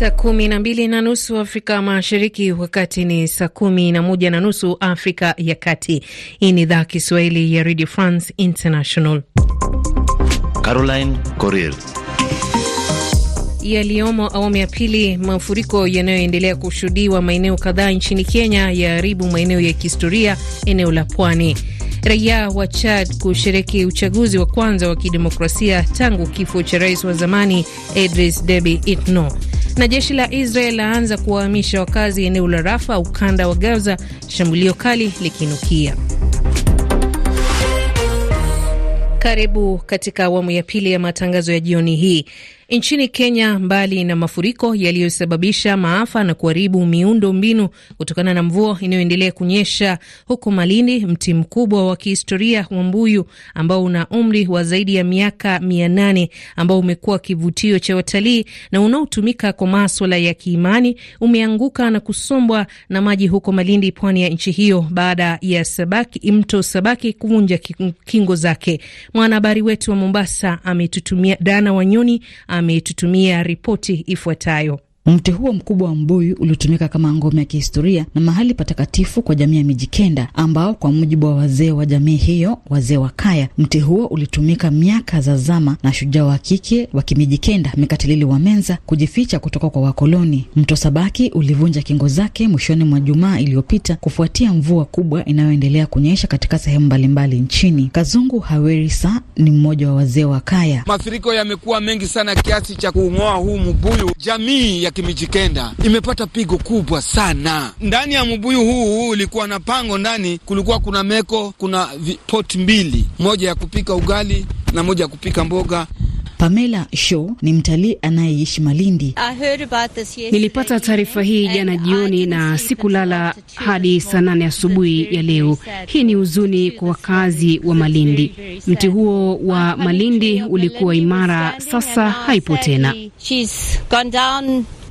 Saa kumi na mbili na nusu Afrika Mashariki, wakati ni saa kumi na moja na nusu Afrika ya Kati. Hii ni idhaa Kiswahili ya Radio France International. Caroline Corel yaliyomo awamu ya pili. Mafuriko yanayoendelea kushuhudiwa maeneo kadhaa nchini Kenya yaharibu maeneo ya kihistoria eneo la pwani. Raia wa Chad kushiriki uchaguzi wa kwanza wa kidemokrasia tangu kifo cha rais wa zamani edris Deby Itno. Na jeshi la Israel laanza kuwahamisha wakazi eneo la Rafa, ukanda wa Gaza, shambulio kali likinukia. Karibu katika awamu ya pili ya matangazo ya jioni hii. Nchini Kenya, mbali na mafuriko yaliyosababisha maafa na kuharibu miundo mbinu kutokana na mvua inayoendelea kunyesha, huko Malindi, mti mkubwa wa kihistoria wa mbuyu ambao una umri wa zaidi ya miaka mia nane ambao umekuwa kivutio cha watalii na unaotumika kwa maswala ya kiimani umeanguka na kusombwa na maji huko Malindi, pwani ya nchi hiyo, baada ya Sabaki, mto Sabaki kuvunja kingo zake. Mwanahabari wetu wa Mombasa ametutumia Dana Wanyoni ametutumia ripoti ifuatayo. Mti huo mkubwa wa mbuyu uliotumika kama ngome ya kihistoria na mahali patakatifu kwa jamii ya Mijikenda, ambao kwa mujibu wa wazee wa jamii hiyo, wazee wa kaya, mti huo ulitumika miaka za zama na shujaa wa kike wa Kimijikenda Mekatilili wa Menza kujificha kutoka kwa wakoloni. Mto Sabaki ulivunja kingo zake mwishoni mwa Jumaa iliyopita kufuatia mvua kubwa inayoendelea kunyesha katika sehemu mbalimbali nchini. Kazungu Hawerisa ni mmoja wa wazee wa kaya. Mafuriko yamekuwa mengi sana kiasi cha kung'oa huu mbuyu. Jamii ya ya Kimijikenda imepata pigo kubwa sana. Ndani ya mbuyu huu ulikuwa na pango ndani, kulikuwa kuna meko, kuna pot mbili, moja ya kupika ugali na moja ya kupika mboga. Pamela Show ni mtalii anayeishi Malindi. Nilipata taarifa hii jana jioni na sikulala hadi saa nane asubuhi ya leo. Hii ni huzuni kwa wakazi wa Malindi. Mti huo wa Malindi ulikuwa imara, sasa haipo tena.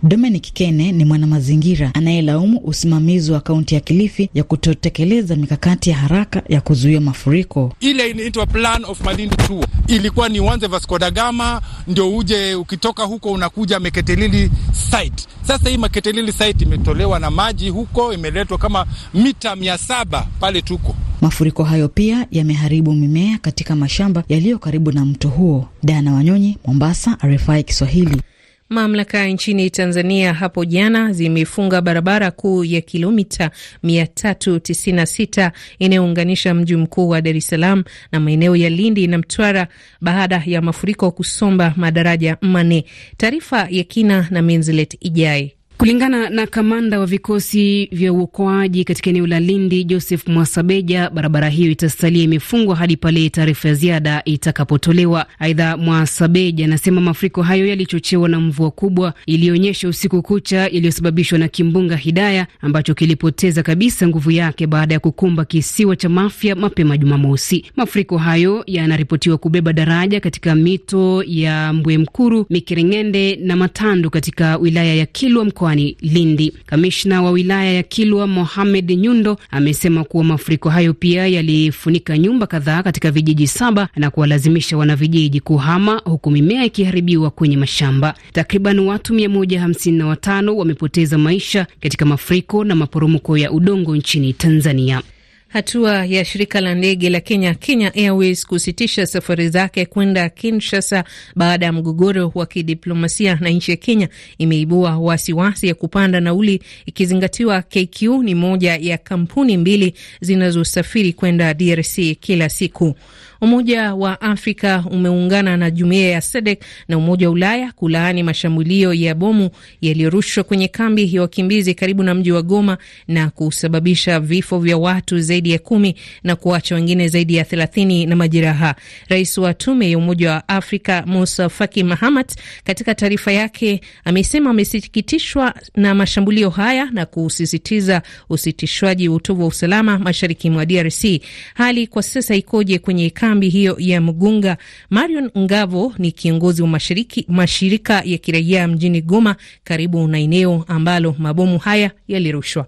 Dominic Kene ni mwanamazingira anayelaumu usimamizi wa kaunti ya Kilifi ya kutotekeleza mikakati ya haraka ya kuzuia mafuriko. Ile inaitwa plan of Malindi two ilikuwa ni uanze Vasco da Gama ndio uje, ukitoka huko unakuja Meketelili site. Sasa hii Meketelili site imetolewa na maji huko, imeletwa kama mita mia saba pale tuko Mafuriko hayo pia yameharibu mimea katika mashamba yaliyo karibu na mto huo. Dana Wanyonyi, Mombasa, RFI Kiswahili. Mamlaka nchini Tanzania hapo jana zimefunga barabara kuu ya kilomita 396 inayounganisha mji mkuu wa Dar es Salaam na maeneo ya Lindi na Mtwara baada ya mafuriko kusomba madaraja manne. Taarifa ya kina na minzlet Ijai. Kulingana na kamanda wa vikosi vya uokoaji katika eneo la Lindi, Joseph Mwasabeja, barabara hiyo itasalia imefungwa hadi pale taarifa ya ziada itakapotolewa. Aidha, Mwasabeja anasema mafuriko hayo yalichochewa na mvua kubwa iliyoonyesha usiku kucha iliyosababishwa na kimbunga Hidaya ambacho kilipoteza kabisa nguvu yake baada ya kukumba kisiwa cha Mafia mapema Jumamosi. Mafuriko hayo yanaripotiwa kubeba daraja katika mito ya Mbwemkuru, Mikerengende na Matandu katika wilaya ya Kilwa mkoa mkoani Lindi. Kamishna wa wilaya ya Kilwa Mohamed Nyundo amesema kuwa mafuriko hayo pia yalifunika nyumba kadhaa katika vijiji saba na kuwalazimisha wanavijiji kuhama huku mimea ikiharibiwa kwenye mashamba. Takriban watu 155 wamepoteza maisha katika mafuriko na maporomoko ya udongo nchini Tanzania. Hatua ya shirika la ndege la Kenya, Kenya Airways, kusitisha safari zake kwenda Kinshasa baada ya mgogoro wa kidiplomasia na nchi ya Kenya imeibua wasiwasi wasi ya kupanda nauli, ikizingatiwa KQ ni moja ya kampuni mbili zinazosafiri kwenda DRC kila siku. Umoja wa Afrika umeungana na jumuiya ya SEDEK na Umoja wa Ulaya kulaani mashambulio ya bomu yaliyorushwa kwenye kambi ya wakimbizi karibu na mji wa Goma na kusababisha vifo vya watu zaidi ya kumi na kuacha wengine zaidi ya thelathini na majeraha. Rais wa tume ya Umoja wa Afrika Musa Faki Mahamat katika taarifa yake amesema amesikitishwa na mashambulio haya na kusisitiza usitishwaji wa utovu wa usalama mashariki mwa DRC. Hali kwa sasa ikoje kwenye kambi kambi hiyo ya Mgunga. Marion Ngavo ni kiongozi wa mashiriki, mashirika ya kiraia mjini Goma, karibu na eneo ambalo mabomu haya yalirushwa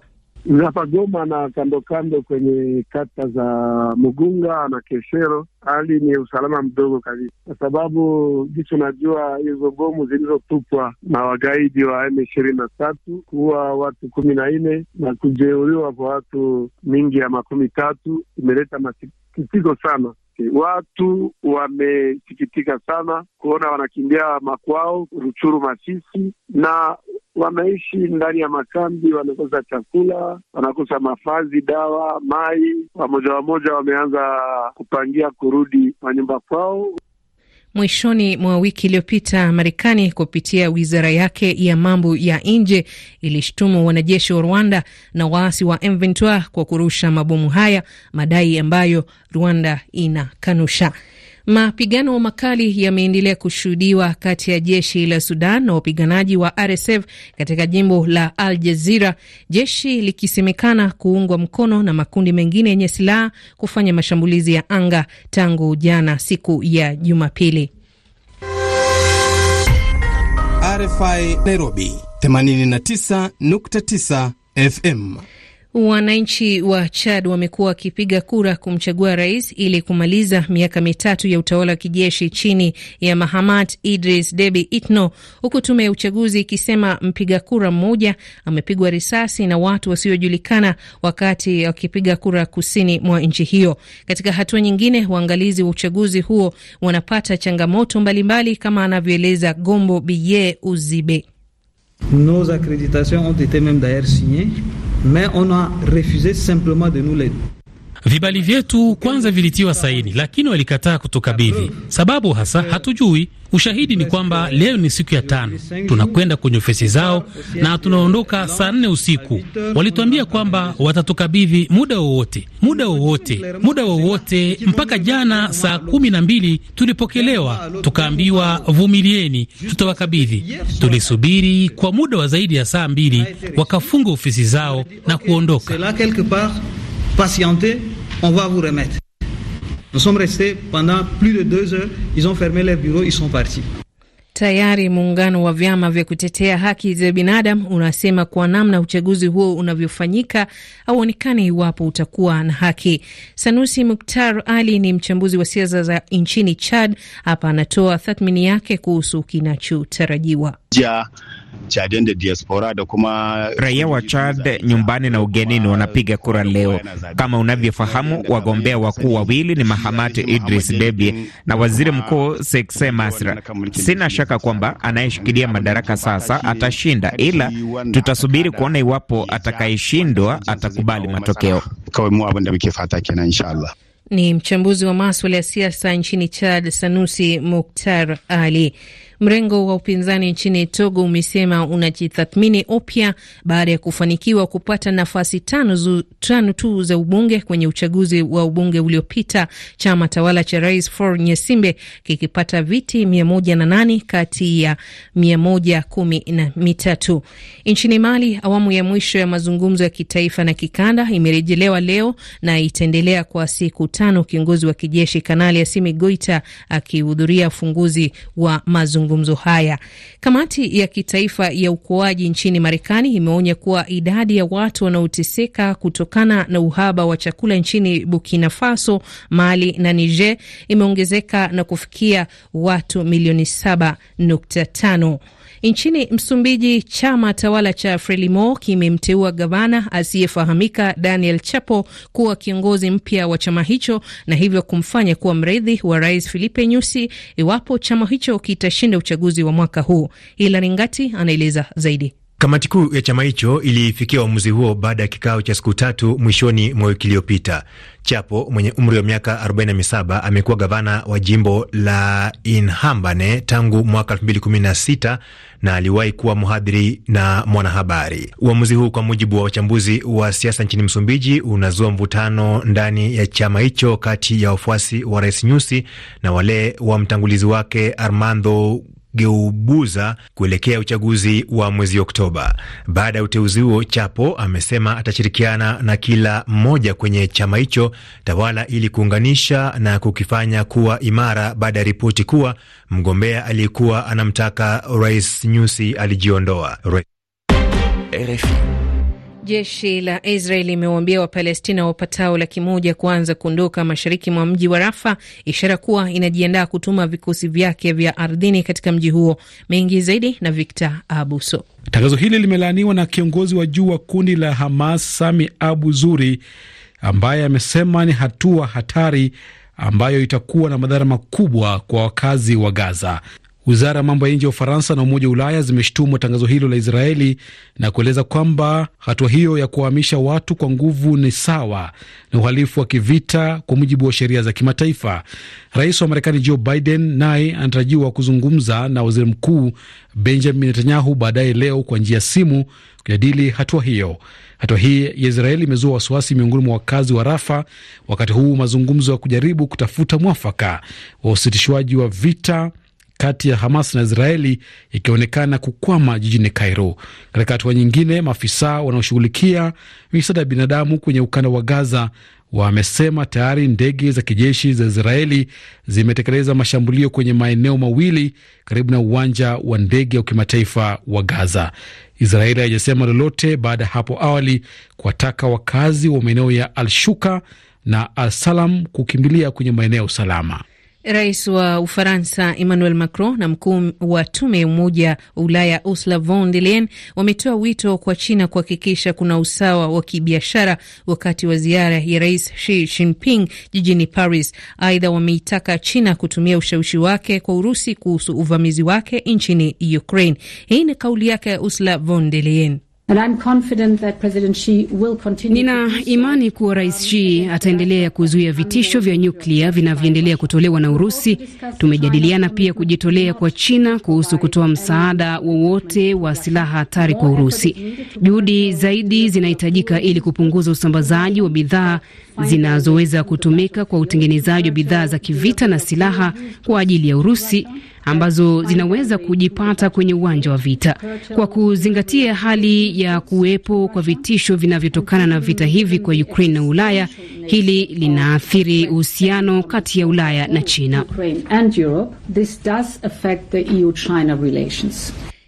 hapa Goma na kando kando kwenye kata za Mugunga na Keshero, hali ni usalama mdogo kabisa, kwa sababu jicho najua hizo bomu zilizotupwa na wagaidi wa M ishirini na tatu kuwa watu kumi na nne na kujeuriwa kwa watu mingi ya makumi tatu imeleta masikitiko sana Watu wamesikitika sana kuona wanakimbia makwao Ruchuru, Masisi, na wanaishi ndani ya makambi, wanakosa chakula, wanakosa mavazi, dawa, mai. Wamoja wamoja wameanza kupangia kurudi manyumba kwao. Mwishoni mwa wiki iliyopita, Marekani kupitia wizara yake ya mambo ya nje ilishtumu wanajeshi wa Rwanda na waasi wa M23 kwa kurusha mabomu haya, madai ambayo Rwanda inakanusha. Mapigano makali yameendelea kushuhudiwa kati ya jeshi la Sudan na wapiganaji wa RSF katika jimbo la Al Jazira, jeshi likisemekana kuungwa mkono na makundi mengine yenye silaha kufanya mashambulizi ya anga tangu jana siku ya Jumapili. RFI Nairobi 89.9 FM. Wananchi wa Chad wamekuwa wakipiga kura kumchagua rais ili kumaliza miaka mitatu ya utawala wa kijeshi chini ya Mahamat Idris debi Itno, huku tume ya uchaguzi ikisema mpiga kura mmoja amepigwa risasi na watu wasiojulikana wakati wakipiga kura kusini mwa nchi hiyo. Katika hatua nyingine, waangalizi wa uchaguzi huo wanapata changamoto mbalimbali mbali, kama anavyoeleza Gombo Biye Uzibe. mais on a refusé simplement de nous les Vibali vyetu kwanza vilitiwa saini, lakini walikataa kutukabidhi. Sababu hasa hatujui. Ushahidi ni kwamba leo ni siku ya tano, tunakwenda kwenye ofisi zao na tunaondoka saa nne usiku. Walituambia kwamba watatukabidhi muda wowote, muda wowote, muda wowote. Mpaka jana saa kumi na mbili tulipokelewa, tukaambiwa vumilieni, tutawakabidhi. Tulisubiri kwa muda wa zaidi ya saa mbili, wakafunga ofisi zao na kuondoka on va vous remettre. Nous sommes restés pendant plus de deux heures, ils ont fermé leurs bureaux, ils sont partis. Tayari muungano wa vyama vya kutetea haki za binadamu unasema kwa namna uchaguzi huo unavyofanyika hauonekani iwapo utakuwa na haki. Sanusi Muktar Ali ni mchambuzi wa siasa za nchini Chad. Hapa anatoa tathmini yake kuhusu kinachotarajiwa ja da diaspora da kuma raia wa Chad nyumbani na ugenini wanapiga kura leo. Kama unavyofahamu, wagombea wakuu wawili ni Mahamat Idris Deby na waziri mkuu Sekse Masra. Sina shaka kwamba anayeshikilia madaraka sasa atashinda, ila tutasubiri kuona iwapo atakayeshindwa atakubali matokeo. Ni mchambuzi wa maswala ya siasa nchini Chad, Sanusi Muktar Ali. Mrengo wa upinzani nchini Togo umesema unajitathmini upya baada ya kufanikiwa kupata nafasi tano, zu, tano tu za ubunge kwenye uchaguzi wa ubunge uliopita, chama tawala cha Rais Faure Nyesimbe kikipata viti mia kati ya 113. Nchini Mali, awamu ya mwisho ya mazungumzo ya kitaifa na kikanda imerejelewa leo na itaendelea kwa siku tano, kiongozi wa kijeshi Kanali Asimi Goita akihudhuria ufunguzi wa mazungumzo mazungumzo haya. Kamati ya kitaifa ya uokoaji nchini Marekani imeonya kuwa idadi ya watu wanaoteseka kutokana na uhaba wa chakula nchini Burkina Faso, Mali na Niger imeongezeka na kufikia watu milioni 7.5. Nchini Msumbiji, chama tawala cha Frelimo kimemteua gavana asiyefahamika Daniel Chapo kuwa kiongozi mpya wa chama hicho na hivyo kumfanya kuwa mrithi wa rais Filipe Nyusi iwapo chama hicho kitashinda uchaguzi wa mwaka huu. Hilari Ngati anaeleza zaidi. Kamati kuu ya chama hicho ilifikia uamuzi huo baada ya kikao cha siku tatu mwishoni mwa wiki iliyopita. Chapo mwenye umri wa miaka 47 amekuwa gavana wa jimbo la Inhambane tangu mwaka 2016 na aliwahi kuwa mhadhiri na mwanahabari. Uamuzi huu, kwa mujibu wa wachambuzi wa siasa nchini Msumbiji, unazua mvutano ndani ya chama hicho kati ya wafuasi wa Rais Nyusi na wale wa mtangulizi wake Armando kugeubuza kuelekea uchaguzi wa mwezi Oktoba. Baada ya uteuzi huo, Chapo amesema atashirikiana na kila mmoja kwenye chama hicho tawala ili kuunganisha na kukifanya kuwa imara baada ya ripoti kuwa mgombea aliyekuwa anamtaka Rais Nyusi alijiondoa. RFI. Jeshi la Israel limewaambia Wapalestina wapatao laki moja kuanza kuondoka mashariki mwa mji wa Rafa, ishara kuwa inajiandaa kutuma vikosi vyake vya ardhini katika mji huo. Mengi zaidi na Victor Abuso. Tangazo hili limelaaniwa na kiongozi wa juu wa kundi la Hamas Sami Abu Zuri, ambaye amesema ni hatua hatari ambayo itakuwa na madhara makubwa kwa wakazi wa Gaza. Wizara ya mambo ya nje ya Ufaransa na Umoja wa Ulaya zimeshtumwa tangazo hilo la Israeli na kueleza kwamba hatua hiyo ya kuwahamisha watu kwa nguvu ni sawa na uhalifu wa kivita kwa mujibu wa sheria za kimataifa. Rais wa Marekani Joe Biden naye anatarajiwa kuzungumza na waziri mkuu Benjamin Netanyahu baadaye leo kwa njia ya simu kujadili hatua hiyo. Hatua hii ya Israeli imezua wasiwasi miongoni mwa wakazi wa Rafa, wakati huu mazungumzo ya kujaribu kutafuta mwafaka wa usitishwaji wa vita kati ya Hamas na Israeli ikionekana kukwama jijini Cairo. Katika hatua nyingine, maafisa wanaoshughulikia misaada ya binadamu kwenye ukanda wa Gaza wamesema tayari ndege za kijeshi za Israeli zimetekeleza mashambulio kwenye maeneo mawili karibu na uwanja wa ndege wa kimataifa wa Gaza. Israeli haijasema lolote baada ya hapo awali kuwataka wakazi wa maeneo ya Al Shuka na Al Salam kukimbilia kwenye maeneo salama. Rais wa Ufaransa Emmanuel Macron na mkuu wa tume ya Umoja wa Ulaya Ursula von der Leyen wametoa wito kwa China kuhakikisha kuna usawa wa kibiashara wakati wa ziara ya Rais Xi Jinping jijini Paris. Aidha, wameitaka China kutumia ushawishi wake kwa Urusi kuhusu uvamizi wake nchini Ukraine. Hii ni kauli yake ya Ursula von der Leyen. Nina imani kuwa Rais Xi ataendelea kuzuia vitisho vya nyuklia vinavyoendelea kutolewa na Urusi. Tumejadiliana pia kujitolea kwa China kuhusu kutoa msaada wowote wa silaha hatari kwa Urusi. Juhudi zaidi zinahitajika ili kupunguza usambazaji wa bidhaa zinazoweza kutumika kwa utengenezaji wa bidhaa za kivita na silaha kwa ajili ya Urusi ambazo zinaweza kujipata kwenye uwanja wa vita. Kwa kuzingatia hali ya kuwepo kwa vitisho vinavyotokana na vita hivi kwa Ukraine na Ulaya, hili linaathiri uhusiano kati ya Ulaya na China.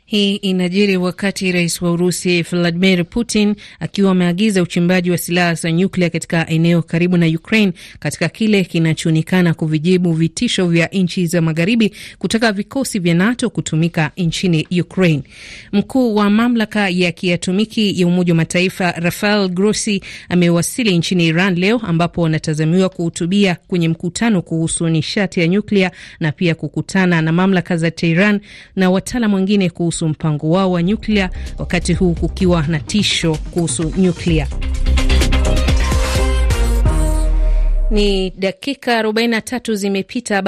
Hii inajiri wakati rais wa Urusi Vladimir Putin akiwa ameagiza uchimbaji wa silaha za nyuklia katika eneo karibu na Ukraine katika kile kinachoonekana kuvijibu vitisho vya nchi za magharibi kutaka vikosi vya NATO kutumika nchini Ukraine. Mkuu wa mamlaka ya kiatomiki ya Umoja wa Mataifa Rafael Grossi amewasili nchini Iran leo ambapo wanatazamiwa kuhutubia kwenye mkutano kuhusu nishati ya nyuklia na pia kukutana na mamlaka za Tehran na wataalam wengine kuhusu kuhusu mpango wao wa nyuklia, wakati huu kukiwa na tisho kuhusu nyuklia. Ni dakika 43 zimepita.